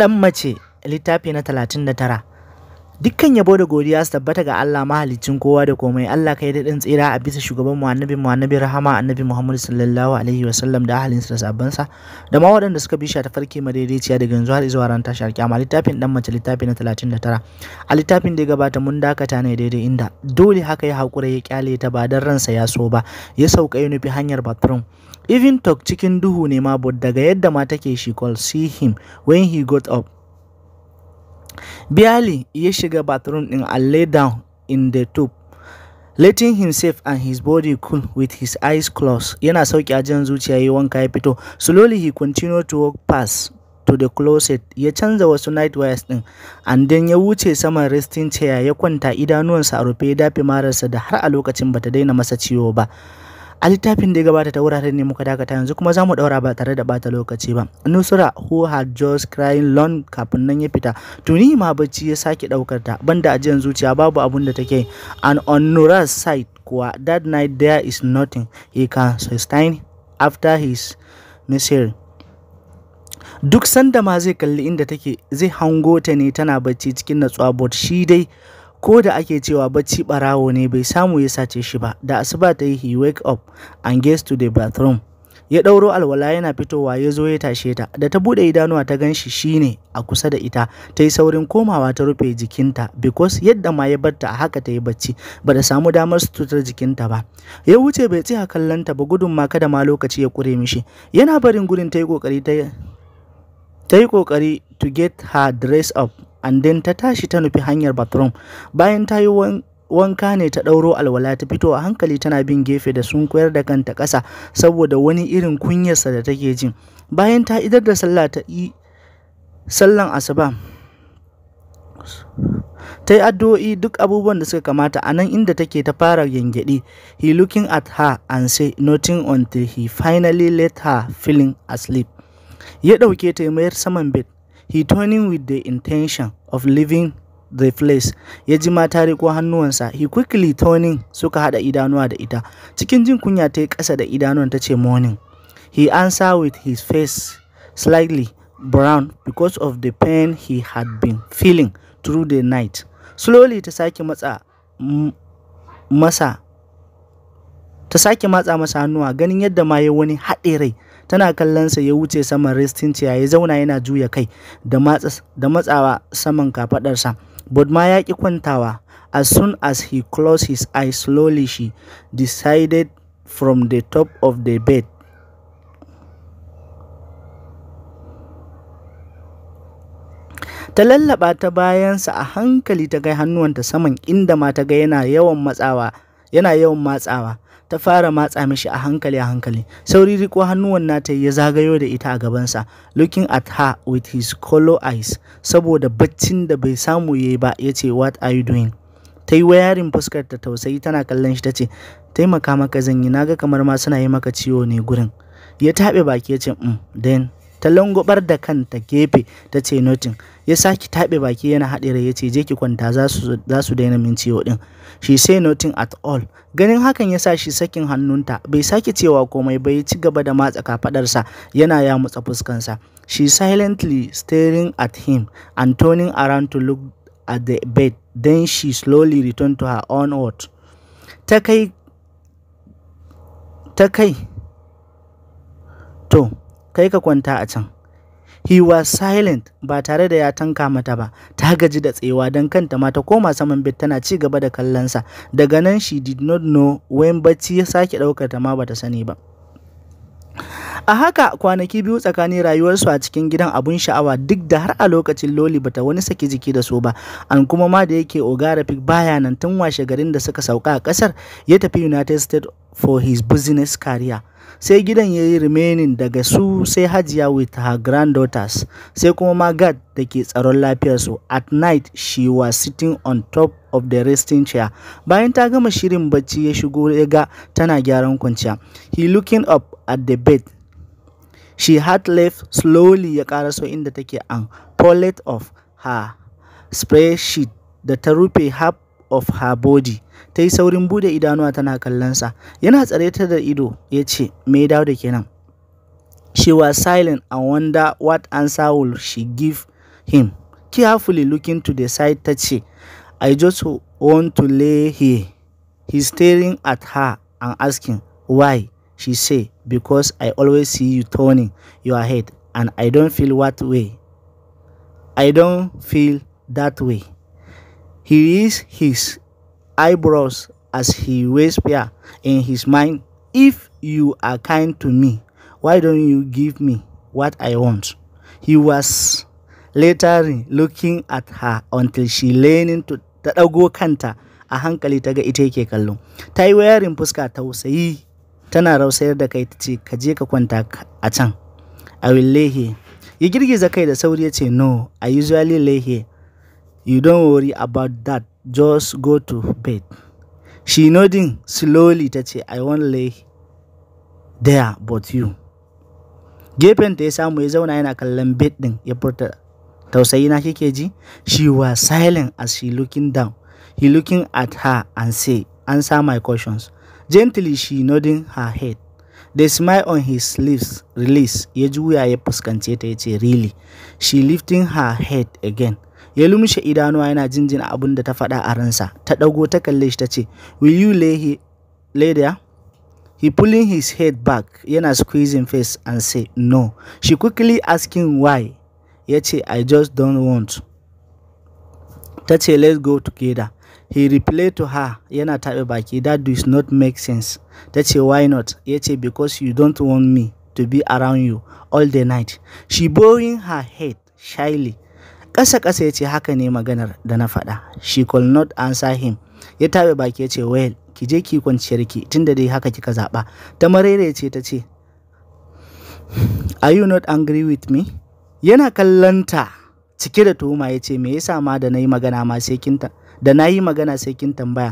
ɗan mace littafi na 39 dukkan yabo da godiya su tabbata ga Allah mahalicin kowa da komai Allah kai daɗin tsira a bisa shugaban mu annabi mu annabi rahama annabi Muhammad sallallahu alaihi sallam da ahalin sa sabban da ma waɗanda suka bi shi ta farke madaidaiciya daga yanzu har zuwa ran tashar amma littafin dan mace littafi na 39 a littafin da ya gabata mun dakata ne daidai inda dole haka ya hakura ya kyale ta ba dan ransa ya so ba ya sauka ya nufi hanyar bathroom Even talk cikin duhu ne ma but daga yadda ma take she call see him when he got up. biali ya shiga bathroom din and lay down in the tub. letting himself and his body cool with his eyes closed yana sauki jan zuciya yi wanka ya fito slowly he continued to walk past to the closet ya canza wasu night wires din and then ya wuce saman resting chair ya kwanta idanuwansa a rufe ya dafe mararsa da har a lokacin bata daina masa ciwo ba a littafin da ya gabata ta wurare ne muka dakata yanzu kuma za mu daura ba tare da bata lokaci ba nusra who had just crying long kafin nan ya fita tuni ma bacci ya sake daukar ta banda ajiyar zuciya babu abun da take and on nura's side kuwa that night there is nothing he can sustain after his misery duk sanda ma zai kalli inda take zai hango ta ne tana bacci cikin natsuwa but shi dai ko da ake cewa bacci ɓarawo ne bai samu ya sace shi ba da asuba ta yi he wake up and gets to the bathroom ya ɗauro alwala yana fitowa ya zo ya tashe ta da ta buɗe idanuwa ta ganshi shi ne a kusa da ita ta yi saurin komawa ta rufe jikinta because yadda ma ya barta a haka ta yi bacci ba da samu damar sutura jikinta ba ya wuce bai tsaya kallon ba gudun ma kada ma lokaci ya kure mishi yana barin gurin ta yi kokari ta yi kokari to get her dress up and then ta tashi ta nufi hanyar bathroom bayan ta yi wanka ne ta ɗauro alwala ta fito a hankali tana bin gefe da sun koyar da kanta ƙasa saboda wani irin kunyarsa da take jin bayan ta idar da sallah ta yi sallan asuba ta yi addu'o'i duk abubuwan da suka kamata a nan inda take ta fara gyangyaɗi he looking at her and say nothing until he finally let her feeling asleep ya ɗauke ta mayar saman bed returning with the intention of leaving the place ya ji mata riko hannuwansa he quickly turning suka hada idanuwa da ita cikin jin kunya ta yi ƙasa da idanuwan ta ce morning he answered with his face slightly brown because of the pain he had been feeling through the night slowly ta sake matsa masa ta sake matsa masa hannuwa ganin yadda ma ya wani haɗe rai tana kallon sa ya wuce saman restin ciya ya zauna yana juya kai da matsawa saman kafadarsa but ma ya ki kwantawa as soon as he closed his eyes slowly she decided from the top of the bed ta lallaba ta bayansa a hankali ta kai hannuwanta saman inda ma ta ga yana yawan matsawa ta fara matsa mishi a hankali a hankali sauri riko hannuwan nata ya zagayo da ita a gabansa looking at her with his color eyes saboda baccin da bai samu yayi ba ya ce what are you doing ta yi wayarin fuskar ta tausayi tana kallon shi ta ce taimaka maka zan yi naga kamar ma suna yi maka ciwo ne gurin ya taɓe baki ya ce mm, then ta langobar da kanta gefe ta ce notin ya sake taɓe baki yana haɗe ya ce je ki kwanta za su daina min ciwo ɗin she say nothing at all ganin hakan ya sa shi sakin hannunta bai sake cewa komai bai ci gaba da matsa kafadarsa yana ya mutsa fuskansa she silently staring at him and turning around to look at the bed then she slowly returned to her own world ta kai ta kai to kai ka kwanta a can. He was silent ba tare da ya tanka mata ba, ta gaji da tsewa don kanta ma ta koma saman tana ci gaba da kallonsa. Daga nan she did not know when bacci ya sake ɗaukar ta ma ta sani ba. A haka kwanaki biyu tsakanin rayuwarsu a cikin gidan abun sha'awa duk da har a lokacin Loli bata wani saki jiki da su ba, an kuma ma da yake Ogarafik baya nan tun washe garin da suka sauka a ƙasar ya tafi United States for his business career. sai gidan ya yi remaining daga su sai hajiya with her granddaughters sai kuma magat da ke tsaron lafiyarsu at night she was sitting on top of the resting chair bayan ta gama shirin bacci ya shigo ya ga tana gyaran kwanciya he looking up at the bed she had left slowly ya karaso inda take an toilet of her spreadsheet da ta rufe half of her body ta yi saurin bude idanuwa tana kallonsa yana tsare ta da ido ya ce mai dawo da kenan she was silent and wonder what answer will she give him carefully looking to the side ta ce i just want to lay here he's staring at her and asking why she say because i always see you turning your head and i don't feel what way i don't feel that way He raised his eyebrows as he whispered in his mind, If you are kind to me, why don't you give me what I want? He was later looking at her until she leaned to ta kanta a hankali ta ga ita yake kallo. Ta yi wayarin fuska tausayi tana rausayar da kai ta ce ka je ka kwanta a can. I will lay here. Ya girgiza kai da sauri ya ce no, I usually lay here. You don't worry about that, just go to bed. She nodding slowly ta ce, I won't lay there but you. Gefenta ya samu ya zauna yana kallon bed ɗin ya furta tausayi na kike ji? She was silent as she looking down. He looking at her and say, answer my questions. Gently she nodding her head. The smile on his lips release. Ya juya ya fuskance ta ya ce, really. She lifting her head again. ya lumshe idanuwa yana jinjina abin da ta faɗa a ransa ta ɗago ta kalle shi ta ce will you lay, he, lay there he pulling his head back yana squeezing face and say no she quickly asking why ya ce i just don't want ta ce let's go together he replied to her yana taɓe baki that does not make sense ta ce why not ya ce because you don't want me to be around you all the night she bowing her head shyly ƙasa ƙasa ya ce haka ne maganar da na faɗa she could not answer him ya tabe baki ya ce well ki je ki kwanciyar ki tunda dai haka kika zaɓa ta marere ce ta ce are you not angry with me yana kallanta cike da tuhuma ya ce me yasa ma da na yi magana ma sai kin da na magana sai kin tambaya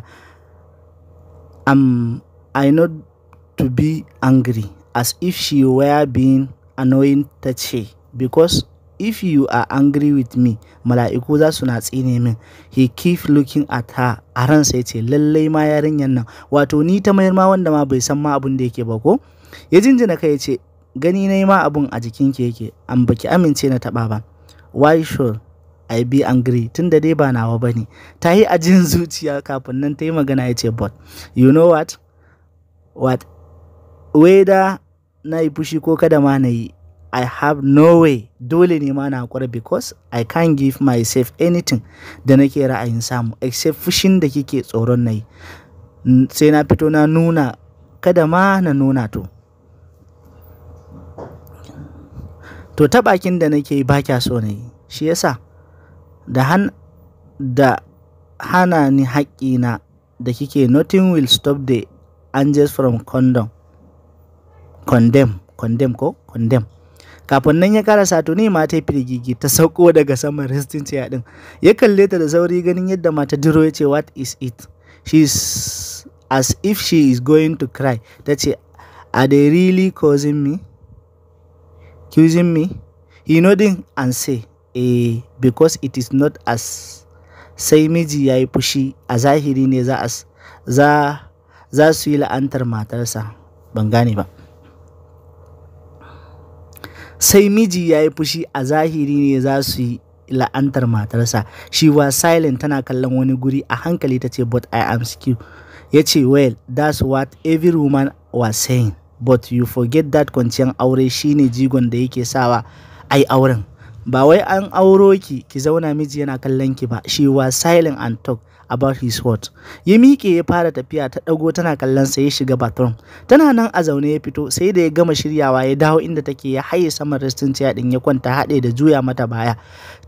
am i not to be angry as if she were being annoying ta ce because if you are angry with me mala'iku za su na tsine min he keep looking at her a ransa ya ce lallai ma yarinyar nan wato ni ta mayar ma wanda ma bai san ma abin da yake ba ko ya jinjina kai ya ce gani na yi ma abun a jikin ki yake an baki amince na taba ba why sure I be angry tunda dai ba nawa bane ta yi a jin zuciya kafin nan ta yi magana ya ce but you know what what whether na yi fushi ko kada ma na yi I have no way dole ne ma na hakura because I can't give myself anything da nake ra'ayin samu except fushin da kike tsoron na yi sai na fito na nuna kada ma na nuna to to ta bakin da nake ba kya so na yi shi yasa da han da hana ni haƙƙina da kike nothing will stop the angels from condom condemn condemn ko condemn kafin nan ya karasa ne mata firgigi ta sauko daga saman resting chair din ya kalle ta da sauri ganin yadda mata duro ya ce what is it she as if she is going to cry ta ce are they really causing me accusing me he nodding and say eh because it is not as sai miji ya yi fushi a zahiri ne za su yi la'antar matarsa ban gane ba sai miji ya yi fushi a zahiri ne za su yi la'antar matarsa shi wa silent tana kallon wani guri a hankali ta ce but i am skew ya ce well that's what every woman was saying but you forget that kwanciyar aure shine jigon da yake sawa ai auren ba wai an auro ki ki zauna miji yana kallon ki ba Shi wa silent and talk about his word. Ya miƙe ya fara tafiya ta ɗago tana kallon sa ya shiga bathroom. Tana nan a zaune ya fito sai da ya gama shiryawa ya dawo inda take ya haye saman restin chair din ya kwanta haɗe da juya mata baya.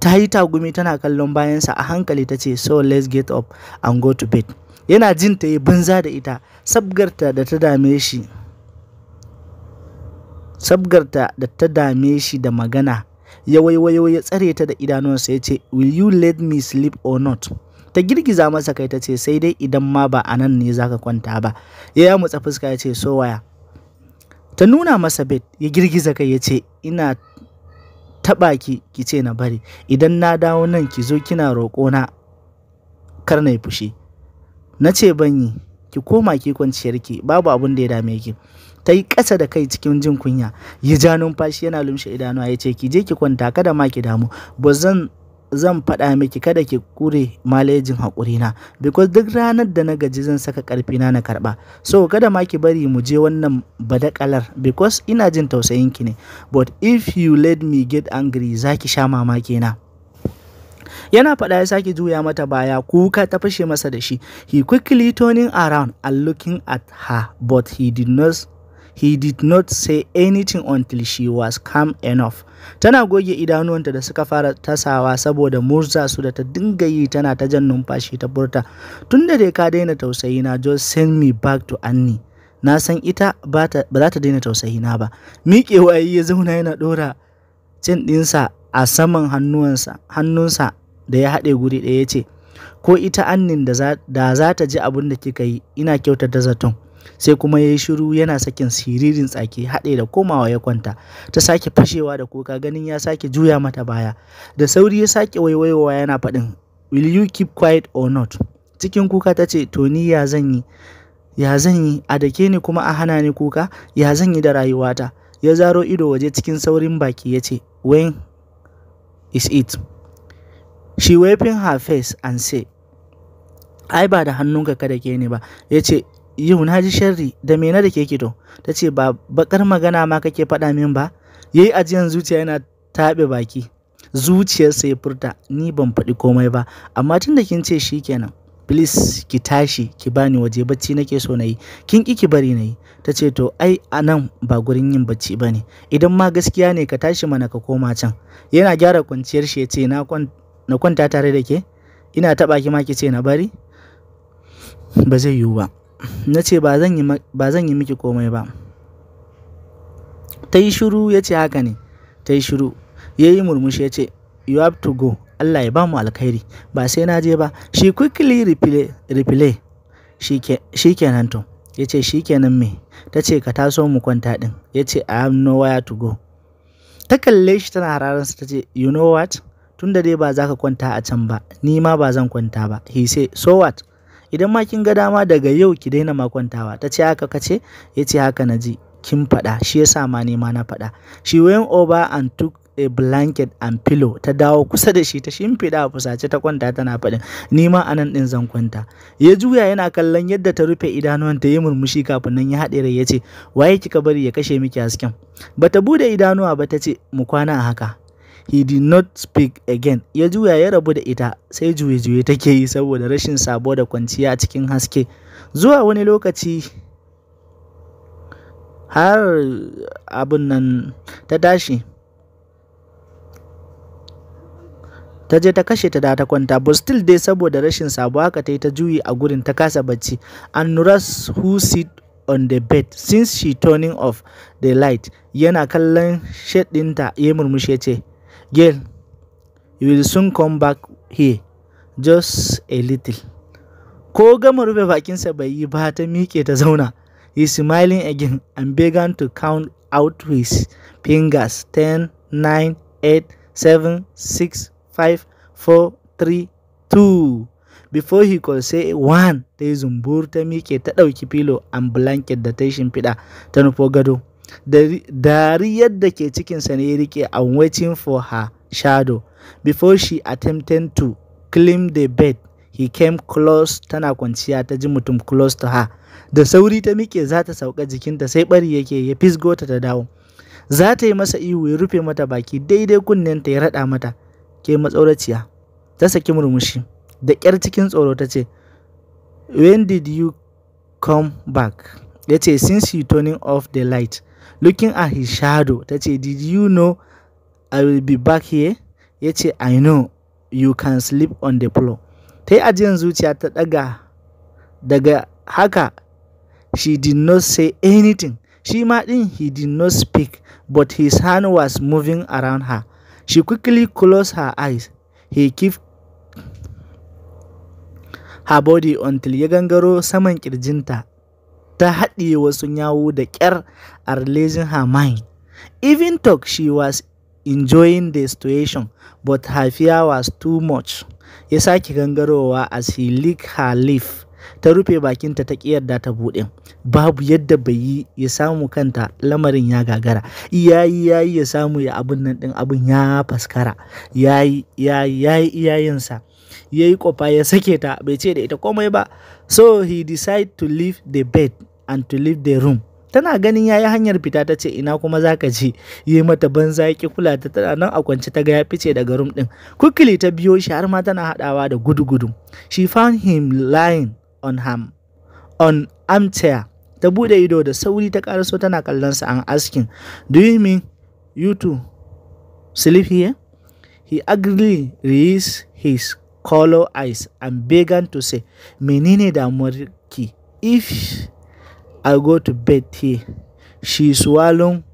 Ta yi tagumi tana kallon bayansa a hankali ta ce so let's get up and go to bed. Yana jin ta yi banza da ita sabgarta da ta dame shi. Sabgarta da ta dame shi da magana ya waiwayo ya tsare ta da idanunsa, ya ce will you let me sleep or not ta girgiza masa kai ta ce sai dai idan ma ba a nan ne zaka kwanta ba ya ya mutsa fuska ya ce so waya ta nuna masa bed ya girgiza kai ya ce ina taɓa ki ki ce na bari idan na dawo nan ki zo kina roƙona kar na yi fushi na ce ban yi ki koma ki kwanciyar babu abin da ya dame ki ta yi ƙasa da kai cikin jin kunya ya ja numfashi yana lumshe idanuwa ya ce ki je ki kwanta kada ma ki damu ba zan zan faɗa miki kada ki kure malejin haƙurina because duk ranar da na gaji zan saka ƙarfina na karɓa so kada ma ki bari mu je wannan badakalar because ina jin tausayin ki ne but if you let me get angry za ki sha mamaki na yana faɗa ya sake juya mata baya kuka ta fashe masa da shi he quickly turning around and looking at her but he did not He did not say anything until she was calm enough. Tana goge idanuwanta da suka fara tasawa saboda murza su da ta dinga yi tana ta jan numfashi ta furta. Tunda da dai ka daina tausayi na just send me back to Annie. Na san ita ba za ta daina tausayi na ba. waye ya zauna yana ɗora cin ɗinsa a saman hannunsa da ya haɗe guri ɗaya ya ce, Ko ita annin da za ta ji abin da kika yi, ina kyautata zaton. sai kuma ya yi shiru yana sakin siririn tsaki haɗe da komawa ya kwanta ta sake fashewa da kuka ganin ya sake juya mata baya da sauri ya sake waiwaiwa yana faɗin will you keep quiet or not cikin kuka ta ce to ni ya zan yi ya zan yi a dake ni kuma a hana ni kuka ya zan yi da rayuwata ya zaro ido waje cikin saurin baki ya ce when is it she waving her face and say ai ba da hannunka ka ke ni ba ya ce yau na ji sharri da mena da ke kido ta ce ba bakar magana ma kake faɗa min ba yayi ajiyan zuciya yana taɓe baki zuciyarsa ya furta ni ban faɗi komai ba amma tun da kin ce shi kenan please ki tashi ki bani waje bacci nake so na yi kin ki ki bari na yi ta ce to ai a nan ba gurin yin bacci ba ne idan ma gaskiya ne ka tashi mana ka koma can yana gyara kwanciyar shi ya ce na kwanta tare da ke ina taɓa ki ma ki ce na bari ba zai yiwu ba na ce ba zan yi miki komai ba ta yi shiru ya ce haka ne ta yi shiru ya yi murmushi ya ce you have to go Allah ya ba mu alkhairi ba sai na je ba shi quickly replay shi nan to ya ce shi nan me ta ce ka taso mu kwanta din ya ce i have nowhere to go ta kalle shi tana hararinsa ta ce you know what tunda dai ba za ka kwanta a can ba ni ma ba zan kwanta ba he say so what idan ma kin ga dama daga yau ki daina makwantawa ta ce haka ka ce ya ce haka na ji kin faɗa shi ya yasa ma nema na faɗa she went over and took a blanket and pillow ta dawo kusa da shi ta shimfiɗa a fusace ta kwanta tana faɗin ni ma anan ɗin zan kwanta ya juya yana kallon yadda ta rufe ta yi murmushi kafin nan ya haɗe rai ya ce waye kika bari ya kashe miki hasken bata bude idanuwa ba ta ce mu kwana a haka he did not speak again ya juya ya rabu da ita sai juye-juye take yi saboda rashin sabo da kwanciya cikin haske zuwa wani lokaci har abun nan ta tashi ta je ta kashe ta da ta kwanta but still dai saboda rashin sabo haka ta yi ta juyi a gurin ta kasa bacci and nuras who sit on the bed since she turning off the light yana kallon shedinta ya murmushe ce you will soon come back here, just a little. Ko gama rufe bakinsa bai yi ba ta miƙe ta zauna. He smiling again and began to count out his fingers ten, nine, eight, seven, six, five, four, three, two. Before he could say one, ta yi zumbur ta miƙe ta ɗauki filo and blanket da ta shimfiɗa ta nufo gado. Dari yadda ke cikinsa ne ya rike I'm waiting for her shadow. Before she attempted to climb the bed, he came close tana kwanciya ta ji mutum close to her. Da sauri ta mike za ta sauka jikinta sai bari yake ya fisgo ta ta dawo. Za ta yi masa ihu ya rufe mata baki daidai kunnen ta ya raɗa mata. Ke matsauraciya. Ta saki murmushi. Da ƙyar cikin tsoro ta ce, When did you come back? Ya ce, Since you turning off the light. Looking at his shadow, ta ce, Did you know I will be back here? Ya ce, I know you can sleep on the floor. Ta yi ajiyar zuciya ta daga daga haka she did not say anything. Shi ma din he did not speak but his hand was moving around her. She quickly closed her eyes. He kept her body until ya gangaro saman kirjinta ta haɗiye wasu yawo da ƙyar a releasing her mind. Even though she was enjoying the situation, but her fear was too much. Ya sake gangarowa as he licked her leaf. Ta rufe bakinta ta yarda ta buɗe. Babu yadda bai yi ya samu kanta lamarin ya gagara. Iyayi yi ya samu ya abin nan ɗin abin ya faskara. Yayi yi iyayensa. ya yi ƙofa ya sake ta bai ce da ita komai ba so he decide to leave the bed and to leave the room tana ganin yayi hanyar fita ta ce ina kuma zaka je yi mata banza ki kula ta tana nan a kwance ta ga ya fice daga room din quickly ta biyo shi har ma tana hadawa da gudu-gudu she found him lying on ham on armchair ta bude ido da sauri ta karaso tana kallon sa an asking do you mean you to sleep here he agreed raised his color eyes and began to say menene damuwar ki if I go to bed here. She's swallowing,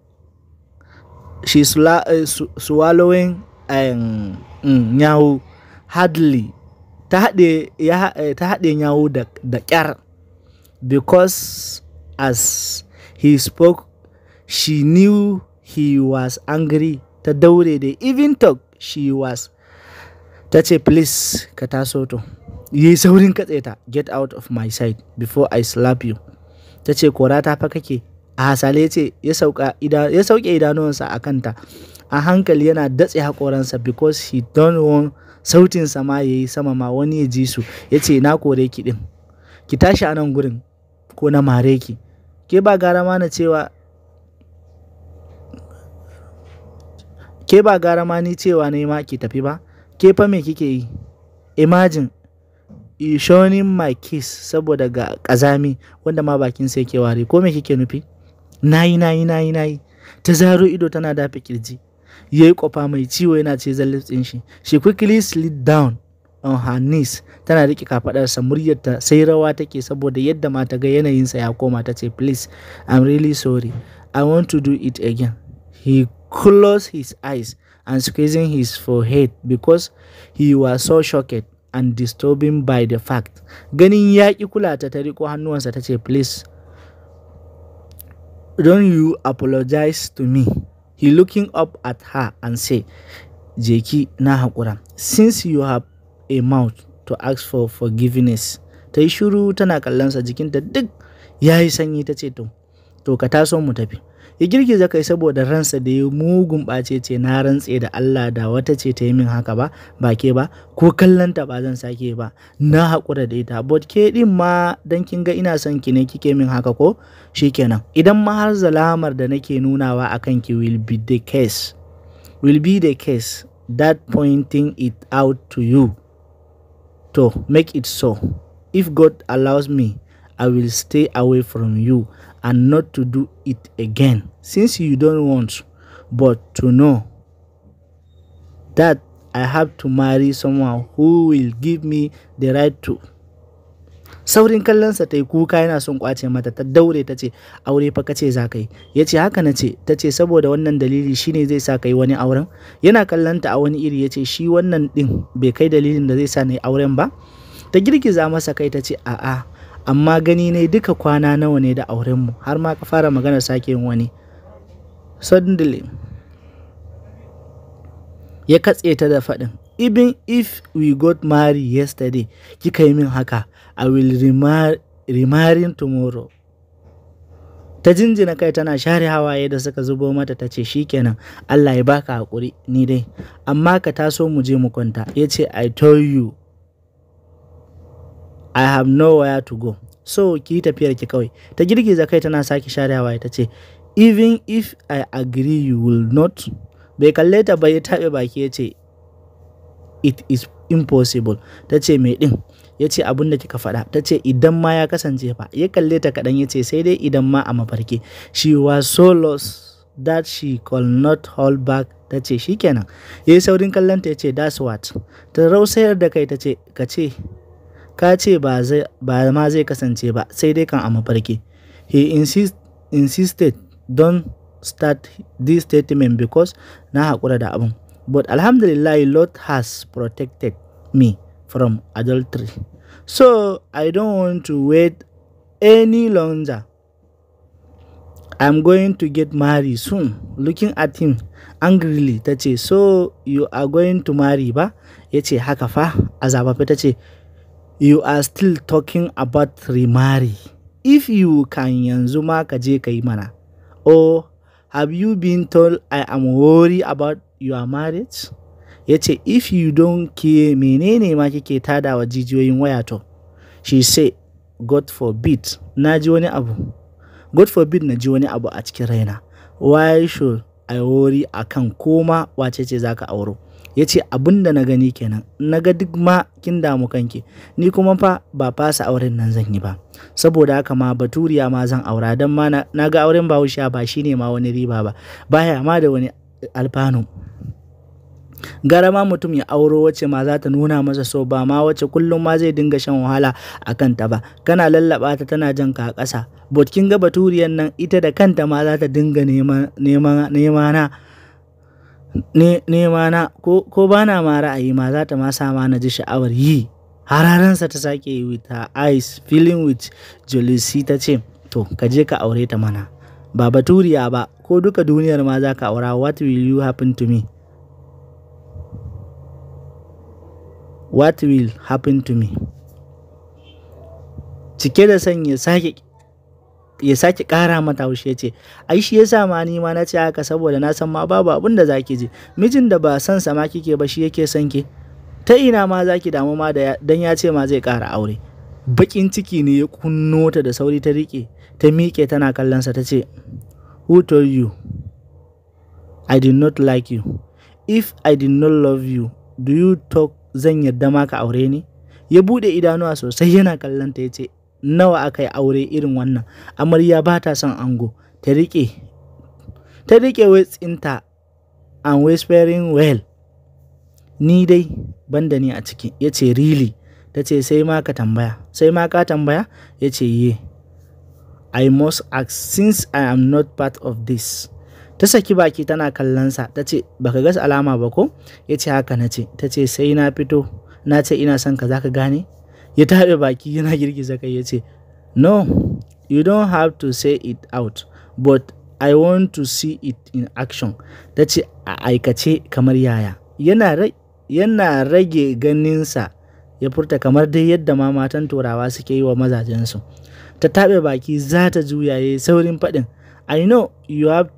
she's la, uh, eh, sw- swallowing um, um, nyawu hardly. Eh, ta haɗe nyawu da, da ƙyar because as he spoke, she knew he was angry. Ta daure da even talk she was. Ta ce, please, ka taso to. Yi saurin katse ta, get out of my sight before I slap you. ta ce kora ta fa kake a hasale ce ya sauke idanuwansa a kanta a hankali yana datse haƙoransa because he don't want sautinsa ma ya yi sama ma wani ya ji su ya ce na kore ki ɗin ki tashi a nan gurin ko na mare ki ke ba gara ma na cewa ke ba ma ni cewa ne ma ki tafi ba ke fa me kike yi imagine shonin my kiss saboda ga ƙazami wanda ma bakinsa yake ware ko me kike nufi nayi nayi nayi nayi ta zaro ido tana dafe kirji yayi yi kwafa mai ciwo yana ce zalle ɗin shi she quickly slid down on her knees tana riƙe kafaɗarsa muryarta sai rawa take saboda yadda ma ta ga yanayinsa ya koma ta ce please i'm really sorry i want to do it again he closed his eyes and squeezing his forehead because he was so shocked and disturbing by the fact ganin ya ƙi kula ta ta riko hannuwansa ta ce please Don you apologize to me he looking up at her and say jeki na haƙura since you have a mouth to ask for forgiveness ta yi shiru tana jikin jikinta duk yayi sanyi ta ce to to ka taso mu tafi ya girgiza kai saboda ransa da ya mugun ɓace ce na rantse da Allah da wata ce ta yi min haka ba ba ke ba ko kallon ba zan sake ba na haƙura da ita but ke din ma dan kin ga ina son ki ne kike min haka ko shikenan idan ma har zalamar da nake nunawa akan ki will be the case will be the case that pointing it out to you to make it so if God allows me I will stay away from you and not to do it again, since you don't want, but to know that I have to marry someone who will give me the right to. Saurin kallonsa ta yi kuka yana son kwace mata ta daure ta ce aure fa kace za ka yi ya ce haka na ce ta ce saboda wannan dalili shine zai sa ka yi wani auren yana kallonta a wani iri ya ce shi wannan din bai kai dalilin da zai sa na yi auren ba ta girgiza masa kai ta ce a'a amma gani ne duka kwana nawa ne da aurenmu har ma ka fara magana sake yin wani suddenly ya katse ta da faɗin even if we got married yesterday kika yi min haka i will remarry tomorrow ta jinjina kai tana share hawaye da suka zubo mata ta ce kenan, Allah ya baka hakuri ni dai amma ka taso mu je mu kwanta ya ce I told you I have nowhere to go. So ki yi tafiyar ki kawai. Ta girgiza kai tana sake sharewa ta ce, Even if I agree you will not. Bai kalle ta bai taɓe baki ya ce, It is impossible. Ta ce mai ɗin. Ya ce abin da kika faɗa. Ta ce idan ma ya kasance ba. Ya kalle ta kaɗan ya ce sai dai idan ma a mafarki. She was so lost that she could not hold back ta ce shi kenan. Ya yi saurin kallon ta ya ce that's what. Ta rausayar da kai ta ce ka ce ka ce ba ma zai kasance ba sai dai kan a mafarki he insist, insisted don start this statement because na haƙura da abin but alhamdulillah lord has protected me from adultery so i don't want to wait any longer i'm going to get married soon looking at him angrily ta ce so you are going to marry ba ya ce haka fa a ta ce You are still talking about remarry. If you can yanzu ma ka je ka yi mana. Or oh, have you been told I am worried about your marriage? Ya ce, if you don't care menene ma kike tada wa jijiyoyin waya to? She say, God forbid, na ji wani abu. God forbid na ji wani abu a cikin raina. Why should auri a kan koma wace ce za ka auro ya ce abin da na gani kenan na ga duk ma kin damu kanki ni kuma fa ba fasa auren nan zan yi ba saboda haka ma baturiya ma zan aura don ma na ga auren bahaushe ba shine ma wani riba ba baya ma da wani alfanu gara ma mutum ya auro wace ma za ta nuna masa so ba ma wace kullum ma zai dinga shan wahala a kanta ba kana lallaba ta tana jan ka a ƙasa botkin ga baturiyan nan ita da kanta ma za ta dinga nema na nema na ko, ko ba na ma ra'ayi ma za ta ma sa ma na ji sha'awar yi hararansa ta sake yi with her eyes feeling with jealousy ta ce to ka je ka aure ta mana ba baturiya ba ko duka duniyar ma za ka aura what will you happen to me What will happen to me? Cike da son ya sake ya sake kara mata haushi ya ce ai shi yasa ma ni ma na ce haka saboda na san ma babu abin da zaki je mijin da ba san sa ma kike ba shi yake son ki ta ina ma zaki damu ma da dan ya ce ma zai kara aure bakin ciki ne ya kunno ta da sauri ta rike ta miƙe tana kallon sa ta ce who told you I did not like you if I did not love you do you talk zan yarda ma ka aure ni ya bude idanuwa sosai yana kallon ta yace nawa aka aure irin wannan amarya ba ta son ango ta rike ta rike wetsinta and whispering well ni dai banda ni a ciki yace really ta ce sai ma ka tambaya sai ma ka tambaya yace ye i must ask since i am not part of this ta saki baki tana kallonsa ta ce baka gas alama ba ko ya ce haka na ce ta ce sai na fito na ce ina son ka zaka gane ya taɓe baki yana girgiza kai ya ce no you don't have to say it out but i want to see it in action ta ce a aikace kamar yaya yana rage ganinsa ya furta kamar dai yadda ma matan turawa suke yi wa mazajensu ta taɓe baki za ta juya saurin faɗin i know you have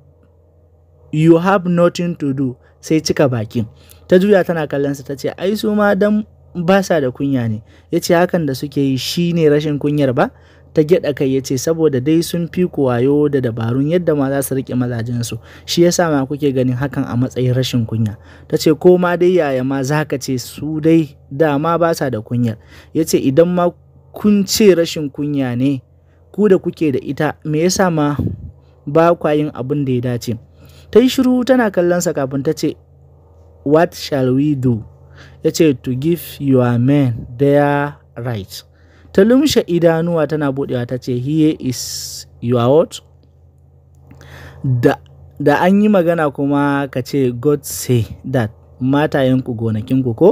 you have nothing to do sai cika bakin ta juya tana kallonsa ta ce ai su ma dan ba sa da kunya ne ya ce hakan da suke yi shi ne rashin kunyar ba ta gyaɗa kai ya ce saboda dai sun fi kuwayo da dabarun yadda ma za su riƙe mazajensu shi ya sa ma kuke ganin hakan a matsayin rashin kunya ta ce ko ma dai yaya ma za ka ce su dai dama ba sa da kunyar ya ce idan ma kun ce rashin kunya ne ku da kuke da ita me yasa ma ba kwa abin da ya dace ta yi shiru tana kallonsa kafin ta ce what shall we do ya ce to give your men their right ta lumshe idanuwa tana budewa ta ce here is your what da, an yi magana kuma ka ce god say that matayenku gonakinku ko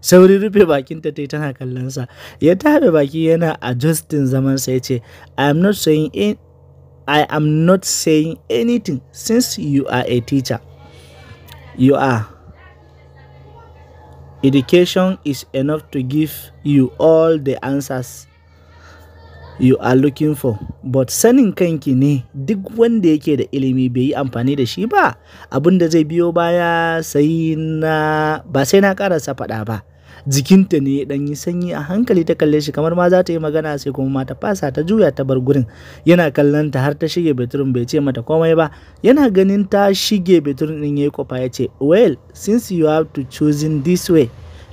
sauri rufe bakinta ta tana kallonsa ya haɓe baki yana a zaman zamansa ya ce i am not saying I am not saying anything since you are a teacher. You are. Education is enough to give you all the answers you are looking for. But sanin kanki ne duk wanda yake da ilimi bai yi amfani da shi ba Abun da zai biyo baya sai na ba sai na karasa faɗa ba. jikinta ne ya ɗan yi sanyi a hankali ta kalle shi kamar ma za ta yi magana sai kuma ma ta fasa ta juya ta bar gurin yana kallon ta har ta shige bedroom bai ce mata komai ba yana ganin ta shige bedroom din yayi kofa ya ce well since you have to choosing this way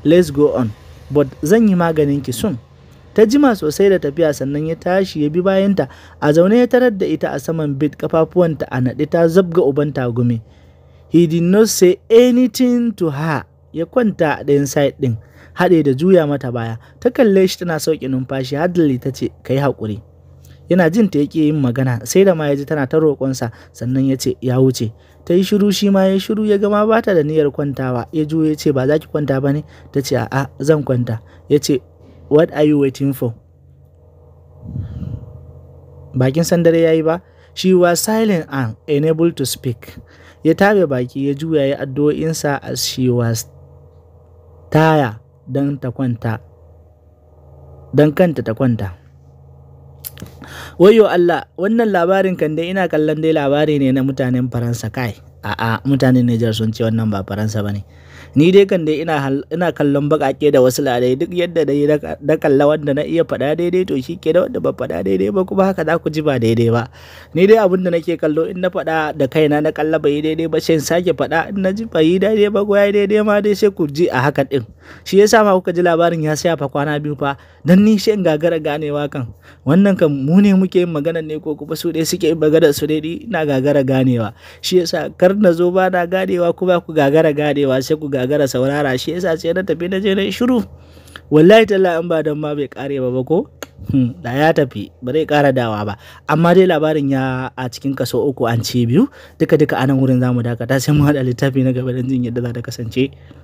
let's go on but zan yi maganin ki soon ta jima sosai da tafiya sannan ya tashi ya bi bayanta a zaune ya tarar da ita a saman bit kafafuwanta a naɗe ta zabga uban tagumi he did not say anything to her ya kwanta a ɗayan side ɗin haɗe da juya mata baya ta kalle shi tana sauƙi numfashi hadley ta ce ka yi haƙuri yana jin ta yake yin magana sai da ma ya ji tana ta roƙonsa sannan ya ce ya wuce ta yi shiru shi ma ya shiru ya gama ba ta da niyyar kwantawa ya juyo ya ce ba za ki kwanta ba ne ta ce a'a zan kwanta ya ce what are you waiting for bakin sandare ya yi ba she was silent and unable to speak ya tabe baki ya juya ya addu'o'insa as she was taya don ta kwanta don kanta ta kwanta wayo Allah wannan labarin kan dai ina kallon dai labari ne na mutanen faransa kai a'a mutanen Nijar sun ce wannan ba faransa bane ne ni dai kan dai ina kallon bakake da wasu ladai duk yadda dai na kalla wanda na iya faɗa daidai to shi da wanda ba fada daidai ba kuma haka za ku ji ba daidai ba ni dai abin da nake kallo in na fada da kaina na kalla bai daidai ba sai sake faɗa in na ji bai daidai ba ko yayi daidai ma dai sai ku ji a haka din shi yasa ma kuka ji labarin ya saya fa kwana biyu fa dan ni shi in gagara ganewa kan wannan kan mu ne muke yin magana ne ko kuma su dai suke yin magana su dai ina gagara ganewa shi yasa kar na zo ba na ganewa kuma ku gagara ganewa sai ku gagara saurara shi yasa sai na tafi na je na shiru wallahi talla an ba dan ma bai kare ba ba ko hmm, da ya tafi ba zai kara dawa ba amma dai labarin ya a cikin kaso uku an ce biyu duka duka anan wurin zamu dakata sai mu haɗa littafi na gaba dan jin yadda za ta kasance